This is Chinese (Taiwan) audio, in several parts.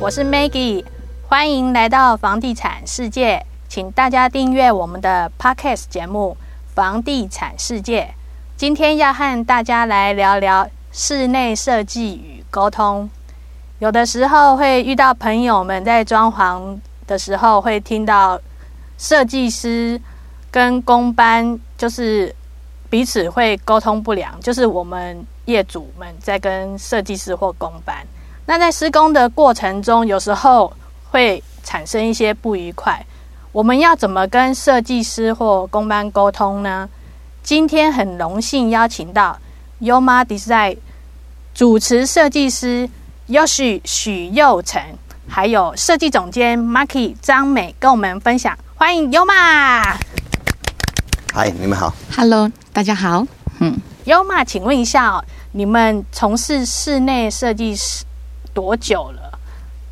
我是 Maggie，歡迎來到房地產世界，請大家訂閱我們的 podcast 節目《房地產世界》。今天要和大家來聊聊室內設計與溝通。有的時候會遇到朋友們在裝潢的時候，會聽到設計師跟工班就是彼此會溝通不良，就是我們業主們在跟設計師或工班。那在施工的過程中，有時候會產生一些不愉快。我們要怎麼跟設計師或工班溝通呢？今天很榮幸邀請到 Yoma Design 主持設計師 Yoshi 許佑成，還有設計總監 Maki 張美跟我們分享。歡迎優馬！嗨，你們好。Hello，大家好。嗯，優馬，請問一下你們從事室內設計師。多久了？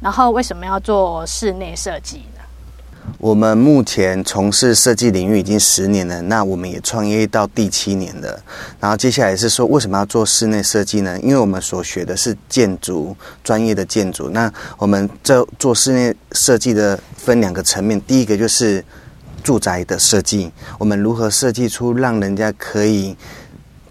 然後為什麼要做室內設計呢？我們目前從事設計領域已經十年了，那我們也創業到第七年了。然後接下來是說為什麼要做室內設計呢？因為我們所學的是建築專業的建築，那我們這做，做室內設計的分兩個層面，第一個就是住宅的設計，我們如何設計出讓人家可以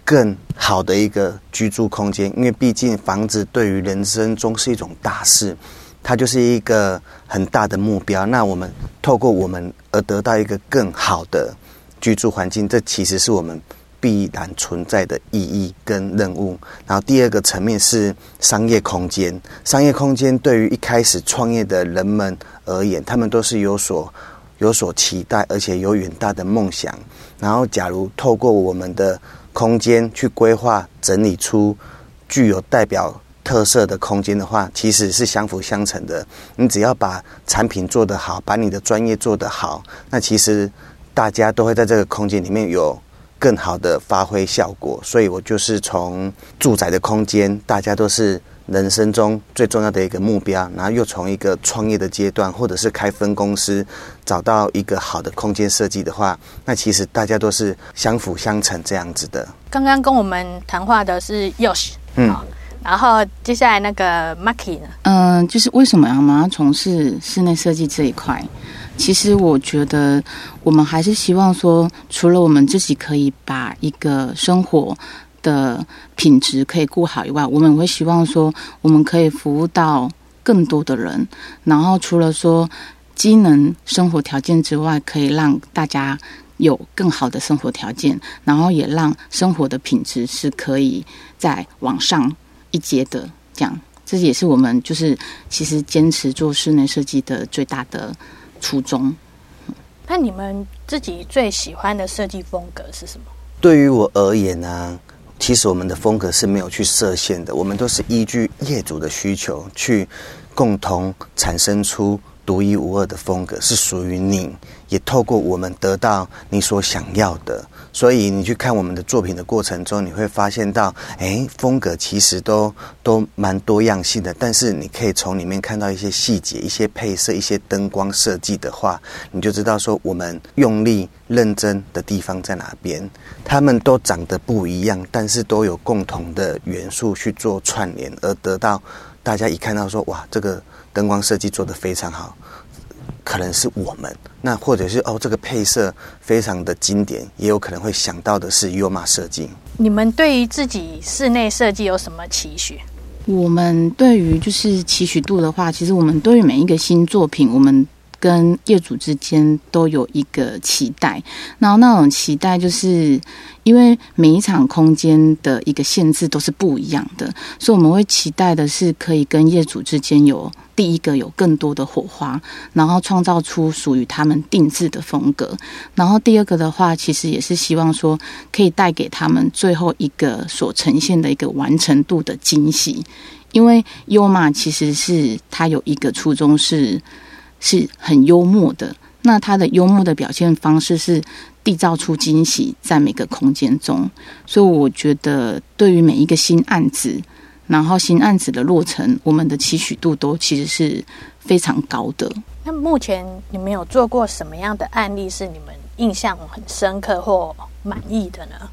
更好的一個居住空間，因為畢竟房子對於人生中是一種大事，它就是一個很大的目標。那我們透過我們而得到一個更好的居住環境，這其實是我們必然存在的意義跟任務。然後第二個層面是商業空間，商業空間對於一開始創業的人們而言，他們都是有所有所期待，而且有遠大的夢想。然後，假如透過我們的空間去規劃整理出具有代表特色的空間的話，其實是相輔相成的。你只要把產品做得好，把你的專業做得好，那其實大家都會在這個空間裡面有更好的發揮效果。所以，我就是從住宅的空間，大家都是。人生中最重要的一個目標，然後又從一個創業的階段，或者是開分公司，找到一個好的空間設計的話，那其實大家都是相輔相成這樣子的。剛剛跟我們談話的是 Yoshi，嗯，然後接下來那個 Maki，嗯，就是為什麼我們要從事室內設計這一塊？其實我覺得我們還是希望說，除了我們自己可以把一個生活。的品質可以顧好以外，我們會希望說，我們可以服務到更多的人。然後除了說機能生活條件之外，可以讓大家有更好的生活條件，然後也讓生活的品質是可以再往上一階的。這樣，這也是我們就是其實堅持做室內設計的最大的初衷。那你們自己最喜歡的設計風格是什麼？對於我而言呢、啊？其實我們的風格是沒有去設限的，我們都是依據業主的需求去共同產生出獨一無二的風格，是屬於你，也透過我們得到你所想要的。所以你去看我們的作品的過程中，你會發現到，誒，風格其實都都蠻多樣性的。但是你可以從裡面看到一些細節、一些配色、一些燈光設計的話，你就知道說我們用力認真的地方在哪邊。他們都長得不一樣，但是都有共同的元素去做串聯，而得到大家一看到說，哇，這個燈光設計做得非常好。可能是我們，那或者是哦，這個配色非常的經典，也有可能會想到的是 YOMA 設計。你們對於自己室內設計有什麼期許？我們對於就是期許度的話，其實我們對於每一個新作品，我們。跟業主之間都有一個期待，然後那種期待就是，因為每一場空間的一個限制都是不一樣的，所以我們會期待的是可以跟業主之間有第一個有更多的火花，然後創造出屬於他們定制的風格。然後第二個的話，其實也是希望說可以帶給他們最後一個所呈現的一個完成度的驚喜，因為 YOMA 其實是他有一個初衷是。是很幽默的，那他的幽默的表現方式是締造出驚喜在每個空間中，所以我覺得對於每一個新案子、然後新案子的落成，我們的期許度都其實是非常高的。那目前你們有做過什麼樣的案例是你們印象很深刻或滿意的呢？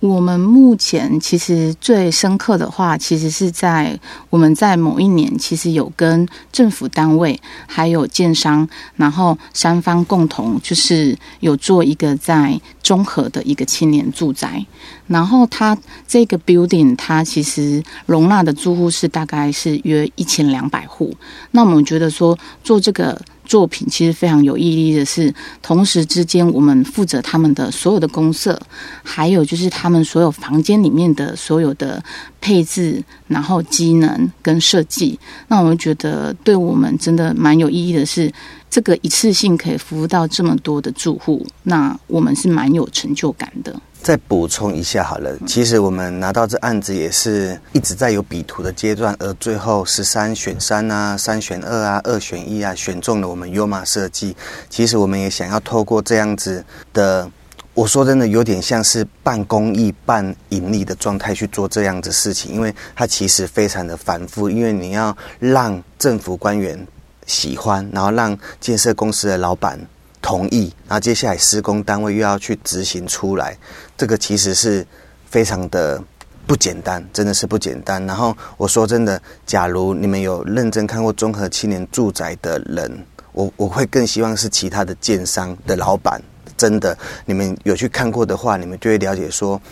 我們目前其實最深刻的話，其實是在我們在某一年，其實有跟政府單位還有建商，然後三方共同就是有做一個在中和的一個青年住宅。然後它這個 building 它其實容納的住戶是大概是約一千兩百戶。那我們覺得說做這個。作品其實非常有意義的是，同時之間我們負責他們的所有的公設，還有就是他們所有房間裡面的所有的配置，然後機能跟設計。那我們覺得對我們真的蠻有意義的是，這個一次性可以服務到這麼多的住戶，那我們是蠻有成就感的。再補充一下好了，其實我們拿到這案子也是一直在有比圖的階段，而最後十三選三啊，三選二啊，二選一啊，選中了我們 YOMA 設計。其實我們也想要透過這樣子的，我說真的有點像是半公益半盈利的狀態去做這樣子事情，因為它其實非常的繁複，因為你要讓政府官員喜歡，然後讓建設公司的老板同意，然後接下來施工單位又要去執行出來，這個其實是非常的不簡單，真的是不簡單。然後我說真的，假如你們有認真看過綜合青年住宅的人，我我會更希望是其他的建商的老板。真的，你們有去看過的話，你們就會了解說，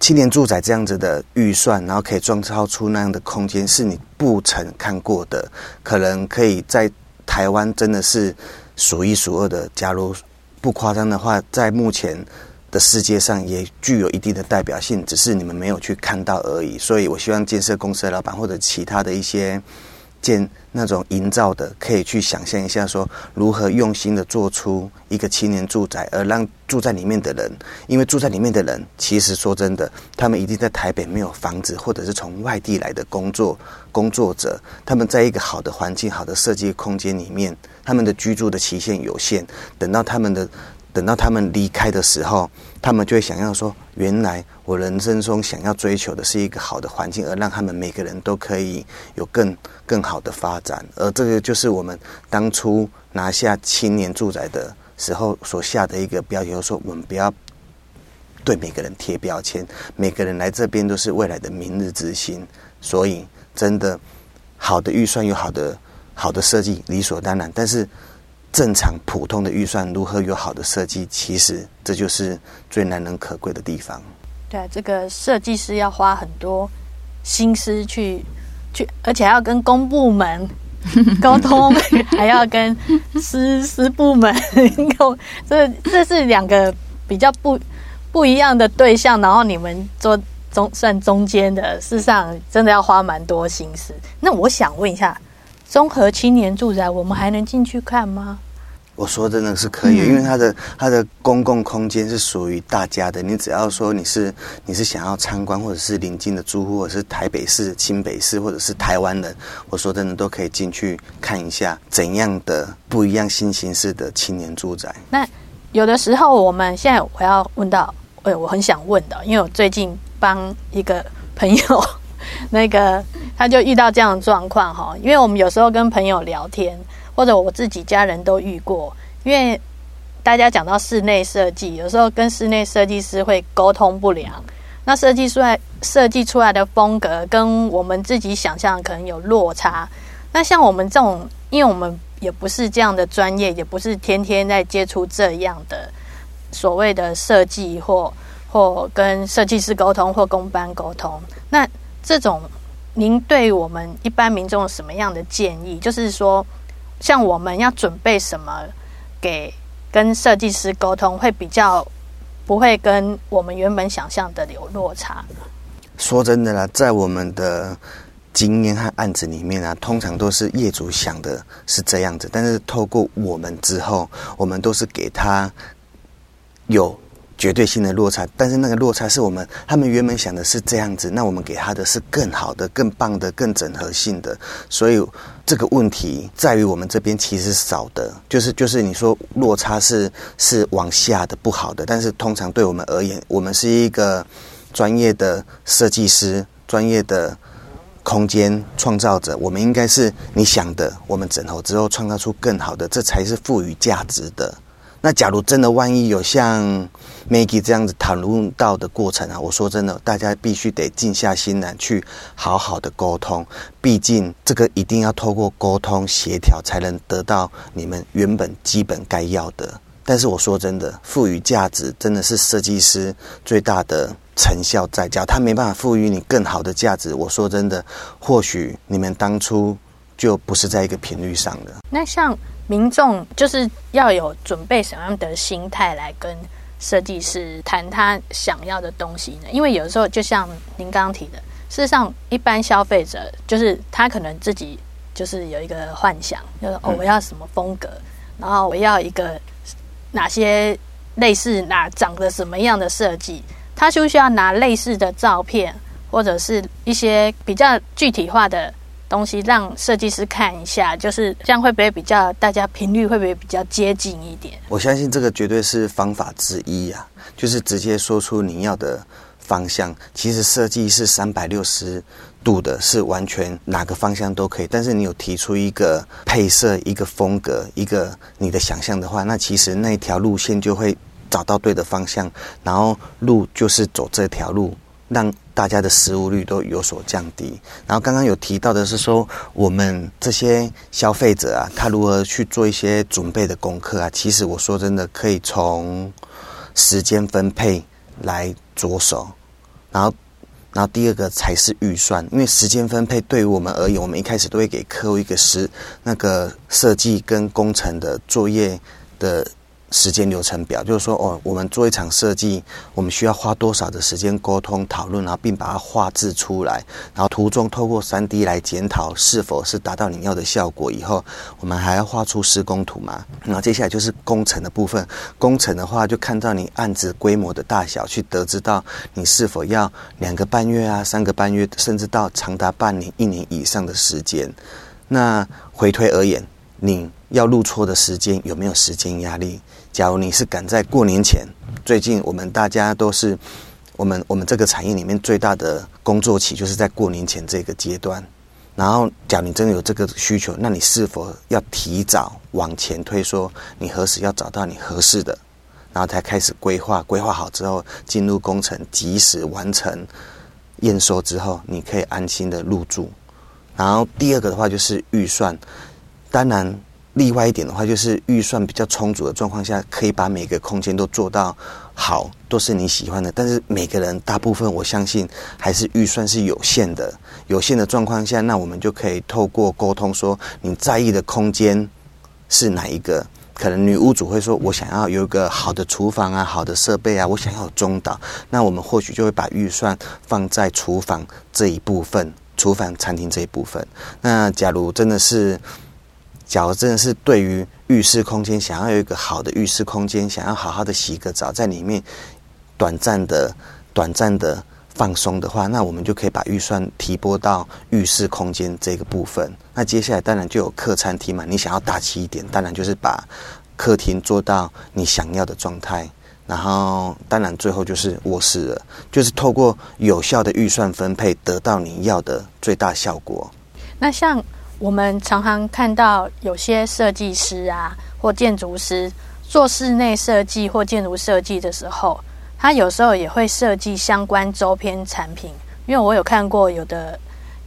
青年住宅這樣子的預算，然後可以創造出那樣的空間，是你不曾看過的，可能可以在台灣真的是。數一數二的加入，假如不誇張的話，在目前的世界上也具有一定的代表性，只是你們沒有去看到而已。所以，我希望建設公司的老闆或者其他的一些。建那種營造的，可以去想象一下說，說如何用心的做出一個青年住宅，而讓住在裡面的人，因為住在裡面的人，其實說真的，他們一定在台北沒有房子，或者是從外地來的工作工作者，他們在一個好的環境、好的設計空間裡面，他們的居住的期限有限，等到他們的，等到他們離開的時候。他們就會想要說，原來我人生中想要追求的是一個好的環境，而讓他們每個人都可以有更更好的發展。而這個就是我們當初拿下青年住宅的時候所下的一個標籤，說我們不要對每個人貼標籤，每個人來這邊都是未來的明日之星。所以真的，好的預算有好的好的設計理所當然，但是。正常普通的預算如何有好的設計？其實這就是最難能可貴的地方。對啊，這個設計師要花很多心思去去，而且還要跟公部門溝 通，還要跟私 私部門溝通，這這是兩個比較不不一樣的對象。然後你們做中算中間的，事實上真的要花蠻多心思。那我想問一下，綜合青年住宅，我們還能進去看嗎？我說真的是可以，因為它的它的公共空間是屬於大家的。你只要說你是你是想要參觀，或者是鄰近的住戶，或者是台北市、新北市，或者是台灣人，我說真的都可以進去看一下怎樣的不一樣新形式的青年住宅。那有的時候我們現在我要問到，哎，我很想問的，因為我最近幫一個朋友，那個他就遇到這樣的狀況哈，因為我們有時候跟朋友聊天。或者我自己家人都遇過，因為大家講到室內設計，有時候跟室內設計師會溝通不良，那設計出來設計出來的風格跟我們自己想象的可能有落差。那像我們這種，因為我們也不是這樣的專業，也不是天天在接觸這樣的所謂的設計或，或或跟設計師溝通，或工班溝通。那這種，您對我們一般民眾有什麼樣的建議？就是說。像我們要準備什麼，給跟設計師溝通，會比較不會跟我們原本想象的有落差。說真的啦，在我們的經驗和案子裡面啊，通常都是業主想的是這樣子，但是透過我們之後，我們都是給他有。絕對性的落差，但是那個落差是我們他們原本想的是這樣子，那我們給他的是更好的、更棒的、更整合性的，所以這個問題在於我們這邊其實少的，就是就是你說落差是是往下的不好的，但是通常對我們而言，我們是一個專業的設計師、專業的空間創造者，我們應該是你想的，我們整合之後創造出更好的，這才是賦予價值的。那假如真的萬一有像 Maggie 這樣子談論到的過程啊，我說真的，大家必須得靜下心來去好好的溝通，畢竟這個一定要透過溝通協調才能得到你們原本基本該要的。但是我說真的，賦予價值真的是設計師最大的成效在家他沒辦法賦予你更好的價值。我說真的，或許你們當初就不是在一個頻率上了。那像民眾就是要有準備什麼樣的心態來跟設計師談他想要的東西呢？因為有時候，就像您剛剛提的，事實上，一般消費者就是他可能自己就是有一個幻想，就是哦，我要什麼風格，然後我要一個哪些類似哪長得什麼樣的設計，他需不需要拿類似的照片或者是一些比較具體化的？東西讓設計師看一下，就是這樣會不會比較，大家頻率會不會比較接近一點？我相信這個絕對是方法之一呀、啊，就是直接說出你要的方向。其實設計是三百六十度的，是完全哪個方向都可以。但是你有提出一個配色、一個風格、一個你的想象的話，那其實那條路線就會找到對的方向，然後路就是走這條路，讓。大家的失誤率都有所降低。然後剛剛有提到的是說，我們這些消費者啊，他如何去做一些準備的功課啊？其實我說真的，可以從時間分配來着手，然後，然後第二個才是預算。因為時間分配對於我們而言，我們一開始都會給客戶一個時那個設計跟工程的作業的時間流程表就是說，哦，我們做一場設計，我們需要花多少的時間溝通討論，然後並把它畫製出來，然後途中透過 3D 來檢討是否是達到你要的效果。以後，我們還要畫出施工圖嘛？然後接下來就是工程的部分。工程的話，就看到你案子規模的大小，去得知到你是否要兩個半月啊，三個半月，甚至到長達半年、一年以上的時間。那回推而言，你。要入厝的時間有沒有時間壓力？假如你是趕在過年前，最近我們大家都是，我們我們這個產業裡面最大的工作期就是在過年前這個階段。然後，假如你真的有這個需求，那你是否要提早往前推，說你何時要找到你合適的，然後才開始規劃？規劃好之後進入工程，及時完成驗收之後，你可以安心的入住。然後第二個的話就是預算，當然。另外一點的話，就是預算比較充足的狀況下，可以把每個空間都做到好，都是你喜歡的。但是每個人大部分，我相信還是預算是有限的。有限的狀況下，那我們就可以透過溝通，說你在意的空間是哪一個。可能女屋主會說：“我想要有一個好的廚房啊，好的設備啊，我想要有中島。”那我們或許就會把預算放在廚房這一部分，廚房餐廳這一部分。那假如真的是。矯正是對於浴室空間，想要有一個好的浴室空間，想要好好的洗個澡，在裡面短暫的、短暫的放鬆的話，那我們就可以把預算提撥到浴室空間這個部分。那接下來當然就有客餐廳嘛，你想要大氣一點，當然就是把客廳做到你想要的狀態。然後當然最後就是臥室了，就是透過有效的預算分配，得到你要的最大效果。那像。我們常常看到有些設計師啊，或建築師做室內設計或建築設計的時候，他有時候也會設計相關周邊產品。因為我有看過有的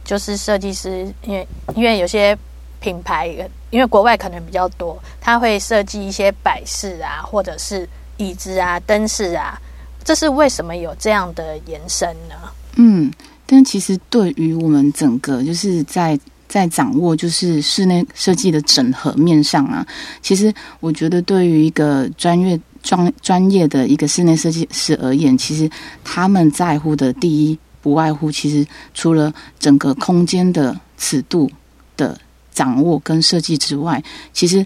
就是設計師，因為因為有些品牌，因為國外可能比較多，他會設計一些擺飾啊，或者是椅子啊、燈飾啊。這是為什麼有這樣的延伸呢？嗯，但其實對於我們整個就是在。在掌握就是室內設計的整合面上啊，其實我覺得對於一個專業專專業的一個室內設計師而言，其實他們在乎的第一，不外乎其實除了整個空間的尺度的掌握跟設計之外，其實。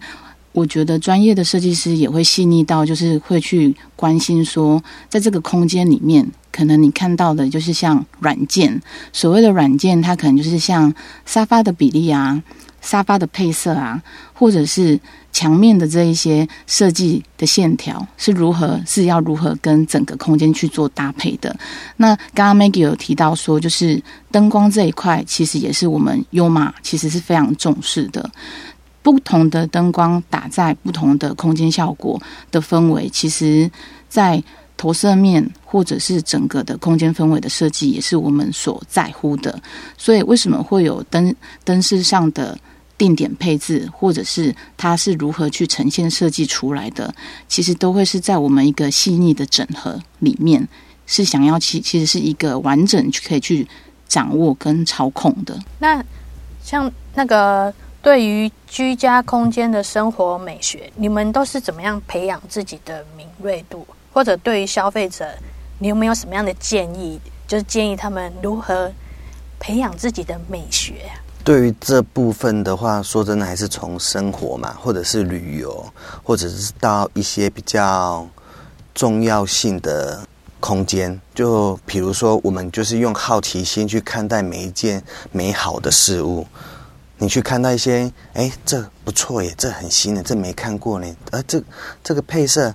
我覺得專業的設計師也會細膩到，就是會去關心說，在這個空間裡面，可能你看到的就是像軟件，所謂的軟件，它可能就是像沙發的比例啊、沙發的配色啊，或者是牆面的這一些設計的線條是如何是要如何跟整個空間去做搭配的。那剛剛 Maggie 有提到說，就是燈光這一塊，其實也是我們 YOMA 其實是非常重視的。不同的燈光打在不同的空間效果的氛圍，其實在投射面或者是整個的空間氛圍的設計，也是我們所在乎的。所以，為什麼會有燈燈飾上的定點配置，或者是它是如何去呈現設計出來的？其實都會是在我們一個細膩的整合裡面，是想要其其實是一個完整去可以去掌握跟操控的。那像那個。對於居家空間的生活美學，你們都是怎麼樣培養自己的敏銳度？或者對於消費者，你有沒有什麼樣的建議？就是建議他們如何培養自己的美學？對於這部分的話，說真的，還是從生活嘛，或者是旅遊，或者是到一些比較重要性的空間。就比如說，我們就是用好奇心去看待每一件美好的事物。你去看那些，哎、欸，這不錯耶，這很新的，這沒看過呢。啊、呃，這這個配色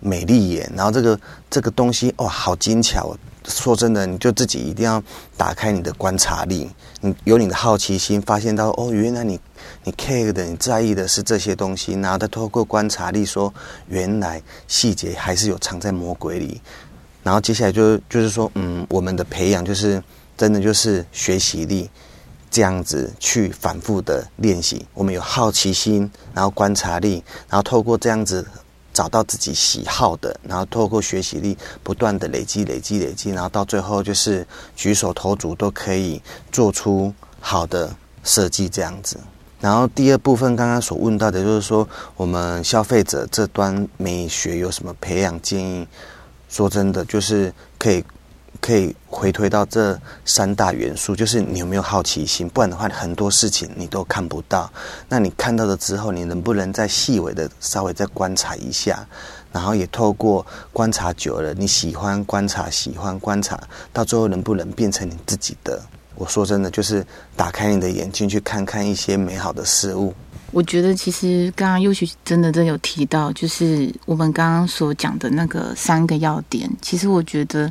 美麗耶，然後這個這個東西哇、哦，好精巧、啊。說真的，你就自己一定要打開你的觀察力，你有你的好奇心，發現到哦，原來你你 care 的，你在意的是這些東西。然後再透過觀察力說，原來細節還是有藏在魔鬼裡。然後接下來就就是說，嗯，我們的培養就是真的就是學習力。這樣子去反覆的練習，我們有好奇心，然後觀察力，然後透過這樣子找到自己喜好的，然後透過學習力不斷的累積、累積、累積，然後到最後就是舉手投足都可以做出好的設計這樣子。然後第二部分剛剛所問到的，就是說我們消費者這端美學有什麼培養建議？說真的，就是可以。可以回推到這三大元素，就是你有沒有好奇心，不然的話很多事情你都看不到。那你看到了之後，你能不能再細微的稍微再觀察一下？然後也透過觀察久了，你喜歡觀察，喜歡觀察，到最後能不能變成你自己的？我說真的，就是打開你的眼睛，去看看一些美好的事物。我覺得其實剛剛 Yoshi 真的真有提到，就是我們剛剛所講的那個三個要點，其實我覺得。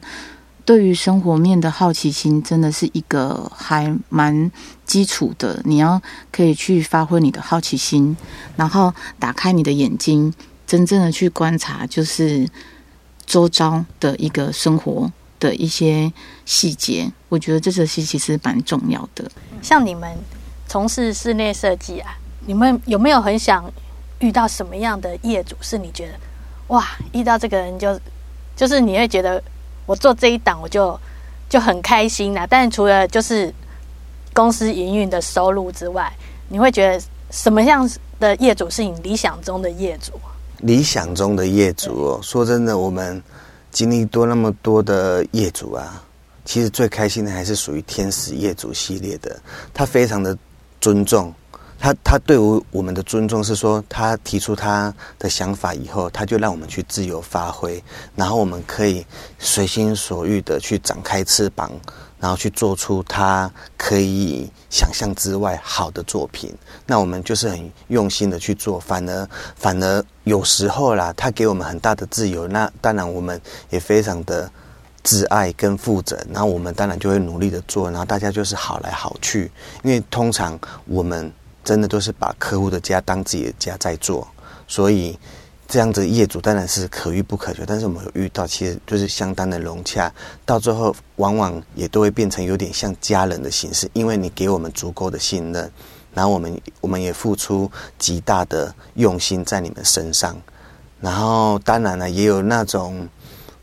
對於生活面的好奇心真的是一個還蠻基礎的，你要可以去發揮你的好奇心，然後打開你的眼睛，真正的去觀察，就是周遭的一個生活的一些細節。我覺得這東西其實蠻重要的。像你們從事室內設計啊，你們有沒有很想遇到什麼樣的業主？是你覺得哇，遇到這個人就就是你會覺得。我做這一檔，我就就很開心啦。但是除了就是公司營運的收入之外，你會覺得什麼樣的業主是你理想中的業主啊？理想中的業主哦，哦。說真的，我們經歷多那麼多的業主啊，其實最開心的還是屬於天使業主系列的，他非常的尊重。他他對於我們的尊重是說，他提出他的想法以後，他就讓我們去自由發揮，然後我們可以隨心所欲的去展開翅膀，然後去做出他可以想象之外好的作品。那我們就是很用心的去做，反而反而有時候啦，他給我們很大的自由，那當然我們也非常的自愛跟負責，然後我們當然就會努力的做，然後大家就是好來好去，因為通常我們。真的都是把客戶的家當自己的家在做，所以這樣子業主，當然是可遇不可求。但是我們有遇到，其實就是相當的融洽，到最後往往也都會變成有點像家人的形式，因為你給我們足夠的信任，然後我們我們也付出極大的用心在你們身上。然後當然了，也有那種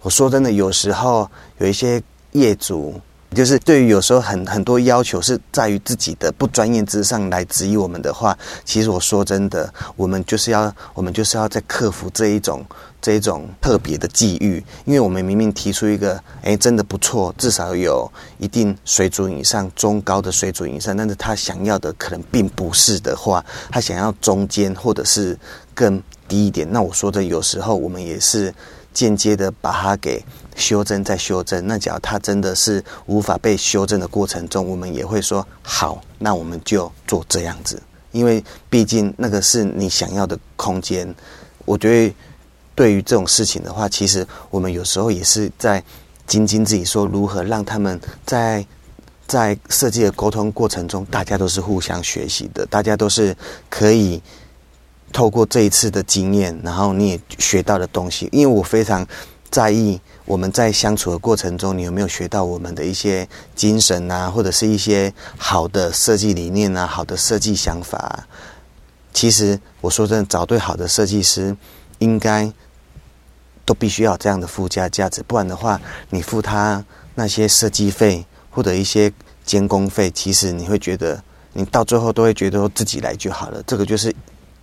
我說真的，有時候有一些業主。就是對於有時候很很多要求是在於自己的不專業之上來質疑我們的話，其實我說真的，我們就是要我們就是要在克服這一種這一種特別的際遇，因為我們明明提出一個，哎，真的不錯，至少有一定水準以上，中高的水準以上，但是他想要的可能並不是的話，他想要中間或者是更低一點，那我說的有時候我們也是間接的把它給。修正再修正，那假如他真的是無法被修正的過程中，我們也會說好，那我們就做這樣子，因為畢竟那個是你想要的空間。我覺得對於這種事情的話，其實我們有時候也是在精進自己，說如何讓他們在在設計的溝通過程中，大家都是互相學習的，大家都是可以透過這一次的經驗，然後你也學到的東西。因為我非常。在意我們在相處的過程中，你有沒有學到我們的一些精神啊，或者是一些好的設計理念啊，好的設計想法？其實我說真的，找對好的設計師，應該都必須要這樣的附加價值，不然的話，你付他那些設計費或者一些監工費，其實你會覺得你到最後都會覺得自己來就好了，這個就是。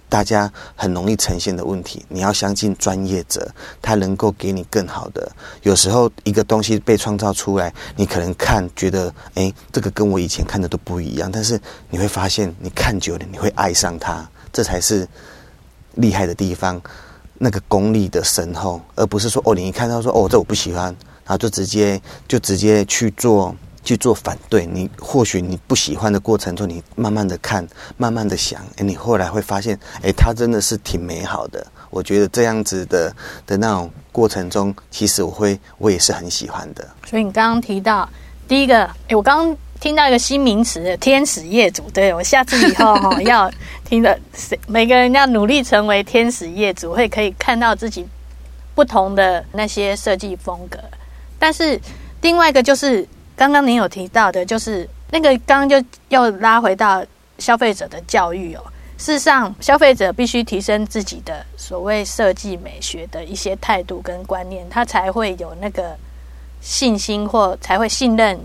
大家很容易呈現的問題，你要相信專業者，他能夠給你更好的。有時候一個東西被創造出來，你可能看覺得，誒，這個跟我以前看的都不一樣，但是你會發現，你看久了你會愛上它，這才是厲害的地方，那個功力的深厚，而不是說，哦，你一看到說，哦，這我不喜歡，然後就直接就直接去做。去做反對你，或許你不喜歡的過程中，你慢慢的看，慢慢的想，誒，你後來會發現，誒，他真的是挺美好的。我覺得這樣子的的那種過程中，其實我會我也是很喜歡的。所以你剛剛提到第一個，誒，我剛剛聽到一個新名詞“天使業主”，對，我下次以後哈、哦、要聽着， 每個人要努力成為天使業主，會可以看到自己不同的那些設計風格。但是另外一個就是。剛剛您有提到的，就是那個剛剛就又拉回到消費者的教育哦。事實上，消費者必須提升自己的所謂設計美學的一些態度跟觀念，他才會有那個信心或才會信任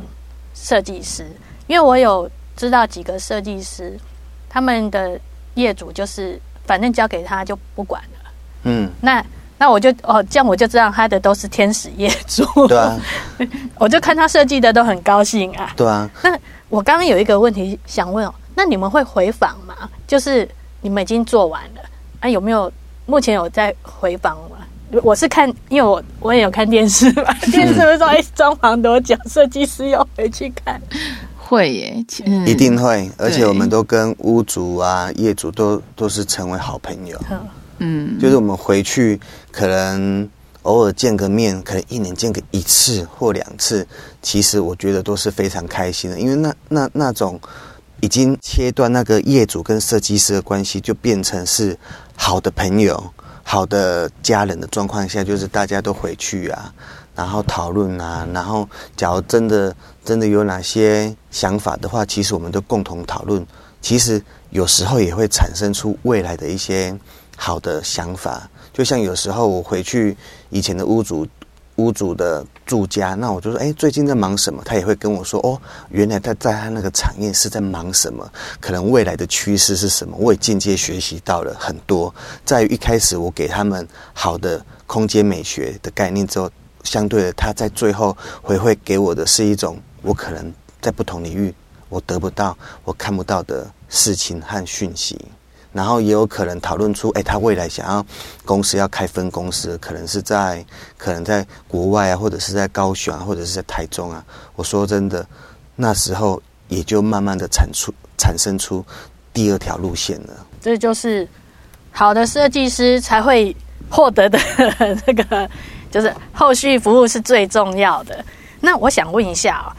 設計師。因為我有知道幾個設計師，他們的業主就是反正交給他就不管了。嗯，那。那我就哦，這樣我就知道他的都是天使業主。對啊， 我就看他設計的都很高興啊。對啊。那我剛剛有一個問題想問哦，那你們會回訪嗎？就是你們已經做完了啊，有沒有目前有在回訪嗎？我是看，因為我我也有看電視嘛， 電視不是說欸、裝潢都講設計師要回去看，會耶、嗯，一定會，而且我們都跟屋主啊、業主都都是成為好朋友。嗯嗯，就是我們回去，可能偶爾見個面，可能一年見個一次或兩次。其實我覺得都是非常開心的，因為那那那種已經切斷那個業主跟設計師的關係，就變成是好的朋友、好的家人的狀況下，就是大家都回去啊，然後討論啊，然後假如真的真的有哪些想法的話，其實我們都共同討論。其實有時候也會產生出未來的一些。好的想法，就像有時候我回去以前的屋主、屋主的住家，那我就說：“哎，最近在忙什麼？”他也會跟我說：“哦，原來他在，在他那個產業是在忙什麼，可能未來的趨勢是什麼。”我也間接學習到了很多。在於一開始我給他們好的空間美學的概念之後，相對的，他在最後回饋給我的是一種我可能在不同領域我得不到、我看不到的事情和訊息。然後也有可能討論出，哎，他未來想要公司要開分公司，可能是在可能在國外啊，或者是在高雄啊，或者是在台中啊。我說真的，那時候也就慢慢的產出產生出第二條路線了。這就是好的設計師才會獲得的這個，就是後續服務是最重要的。那我想問一下啊，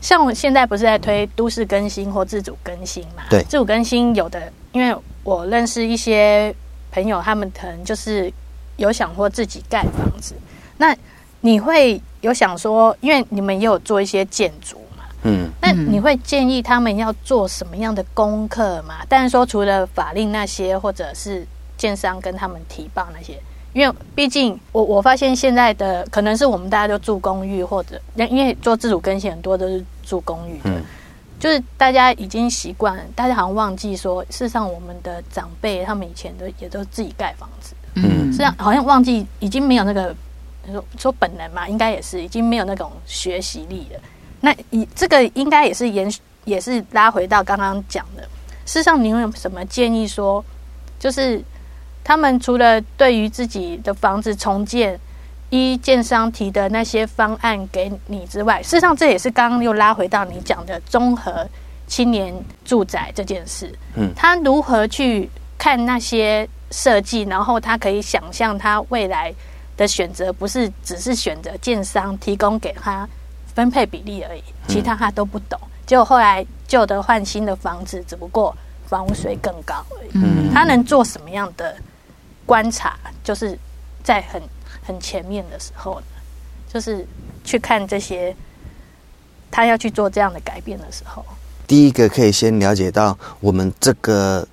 像我現在不是在推都市更新或自主更新嘛？對，自主更新有的因為。我認識一些朋友，他們可能就是有想過自己蓋房子。那你會有想說，因為你們也有做一些建築嘛？嗯，那你會建議他們要做什麼樣的功課嘛？但是說，除了法令那些，或者是建商跟他們提報那些，因為畢竟我我發現現在的可能是我們大家都住公寓，或者因因為做自主更新很多都是住公寓的。嗯就是大家已經習慣了，大家好像忘記說，事實上我們的長輩他們以前都也都自己蓋房子，嗯，是啊，好像忘記已經沒有那個，說說本能嘛，應該也是已經沒有那種學習力了。那以這個應該也是延續，也是拉回到剛剛講的，事實上你有什麼建議說，就是他們除了對於自己的房子重建。一建商提的那些方案給你之外，事實上這也是剛剛又拉回到你講的綜合青年住宅這件事。嗯，他如何去看那些設計，然後他可以想象他未來的選擇，不是只是選擇建商提供給他分配比例而已，其他他都不懂。結果後來舊的換新的房子，只不過房屋稅更高而已。嗯，他能做什麼樣的觀察，就是在很很前面的時候就是去看這些，他要去做這樣的改變的時候。第一個可以先了解到我們這個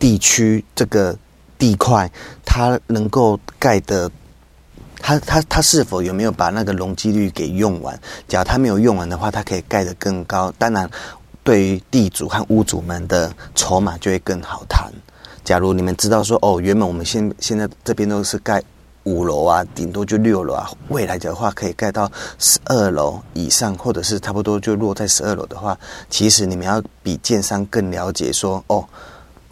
地區這個地塊，它能夠蓋的，它它它是否有沒有把那個容積率給用完？假如它沒有用完的話，它可以蓋得更高。當然，對於地主和屋主們的籌碼就會更好談。假如你們知道說，哦，原本我們現現在這邊都是蓋。五樓啊，頂多就六樓啊。未來的話，可以蓋到十二樓以上，或者是差不多就落在十二樓的話，其實你們要比建商更了解說，說哦，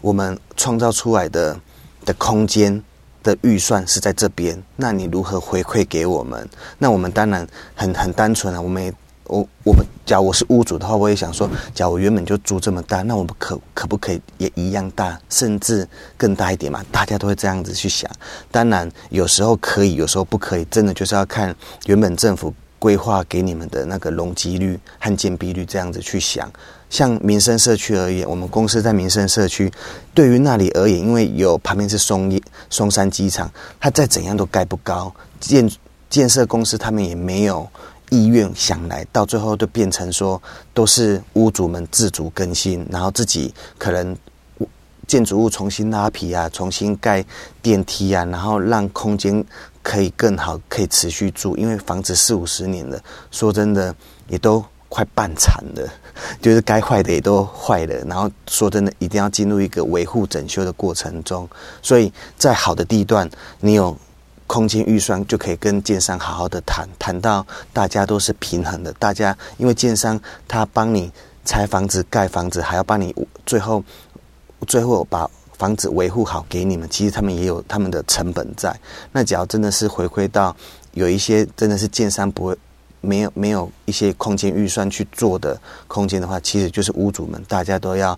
我們創造出來的的空間的預算是在這邊，那你如何回饋給我們？那我們當然很很單純啊，我們也我我們。假如我是屋主的話，我也想說，假如我原本就租這麼大，那我們可可不可以也一樣大，甚至更大一點嘛？大家都會這樣子去想。當然有時候可以，有時候不可以，真的就是要看原本政府規劃給你們的那個容積率和建蔽率這樣子去想。像民生社區而言，我們公司在民生社區，對於那裡而言，因為有旁邊是松松山機場，它再怎樣都蓋不高，建建設公司他們也沒有。意願想來，到最後就變成說，都是屋主們自主更新，然後自己可能建築物重新拉皮啊，重新蓋電梯啊，然後讓空間可以更好，可以持續住。因為房子四五十年了，說真的也都快半殘了，就是該壞的也都壞了。然後說真的，一定要進入一個維護整修的過程中。所以，在好的地段，你有。空間預算就可以跟建商好好的談，談到大家都是平衡的。大家因為建商他幫你拆房子、蓋房子，還要幫你最後最後把房子維護好給你們。其實他們也有他們的成本在。那只要真的是回饋到有一些真的是建商不會沒有沒有一些空間預算去做的空間的話，其實就是屋主們大家都要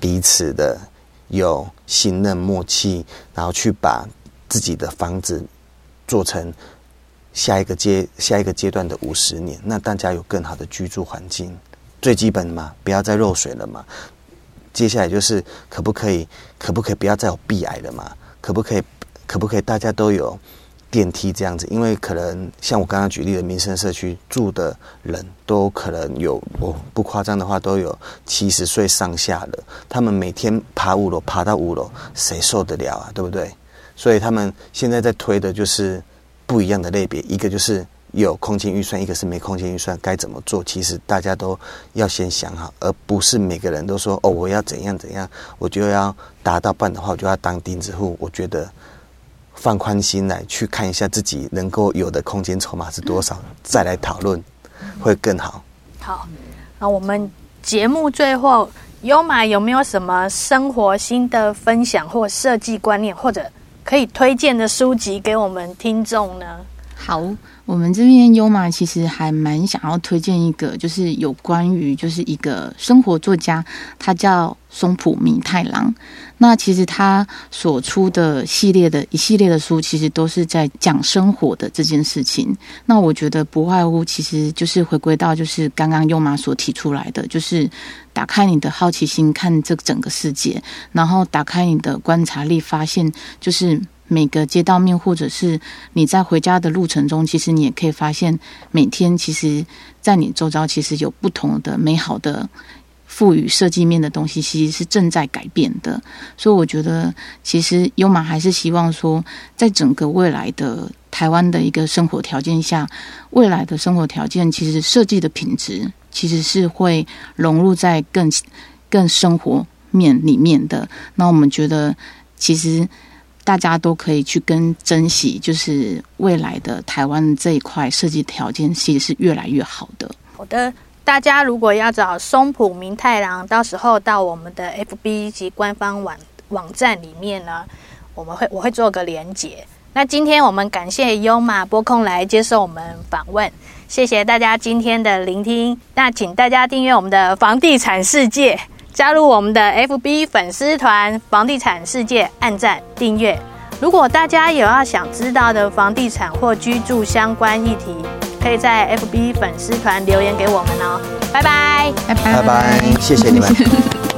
彼此的有信任、默契，然後去把自己的房子做成下一個階下一個階段的五十年，那大家有更好的居住環境，最基本的嘛，不要再漏水了嘛。接下來就是可不可以，可不可以不要再有壁癌了嘛？可不可以，可不可以大家都有電梯這樣子？因為可能像我剛剛舉例的民生社區住的人都可能有，我不誇張的話都有七十歲上下了，他們每天爬五樓爬到五樓，誰受得了啊？對不對？所以他們現在在推的就是不一樣的類別，一個就是有空間預算，一個是沒空間預算，該怎麼做？其實大家都要先想好，而不是每個人都說：“哦，我要怎樣怎樣，我就要達到辦的話，我就要當釘子戶。”我覺得放寬心來去看一下自己能夠有的空間籌碼是多少，再來討論會更好。好，那我們節目最後，YOMA 有沒有什麼生活新的分享或設計觀念，或者？可以推薦的書籍給我們聽眾呢？好。我們這邊 YOMA 其實還蠻想要推薦一個，就是有關於就是一個生活作家，他叫松浦彌太郎。那其實他所出的系列的一系列的書，其實都是在講生活的這件事情。那我覺得不外乎，其實就是回歸到就是剛剛 YOMA 所提出來的，就是打開你的好奇心看這整個世界，然後打開你的觀察力，發現就是。每個街道面，或者是你在回家的路程中，其實你也可以發現，每天其實，在你周遭其實有不同的美好的賦予設計面的東西，其實是正在改變的。所以，我覺得其實 YOMA 還是希望說，在整個未來的台灣的一個生活條件下，未來的生活條件其實設計的品質其實是會融入在更更生活面裡面的。那我們覺得其實。大家都可以去跟珍惜，就是未來的台灣這一塊設計條件其實是越來越好的。好的，大家如果要找松浦明太郎，到時候到我們的 FB 及官方網網站裡面呢，我們會我會做個連接。那今天我們感謝 YOMA 撥空來接受我們訪問，謝謝大家今天的聆聽。那請大家訂閱我們的房地產世界。加入我們的 FB 粉絲團“房地產世界”，按讚訂閱。如果大家有要想知道的房地產或居住相關議題，可以在 FB 粉絲團留言給我們哦。拜拜拜拜，謝謝你們。